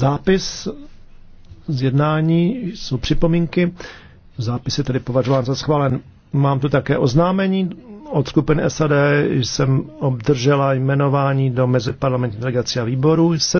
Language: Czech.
Zápis z jednání jsou připomínky. Zápis je tedy považován za schválen. Mám tu také oznámení od skupiny SAD, jsem obdržela jmenování do meziparlamentní delegace a výboru.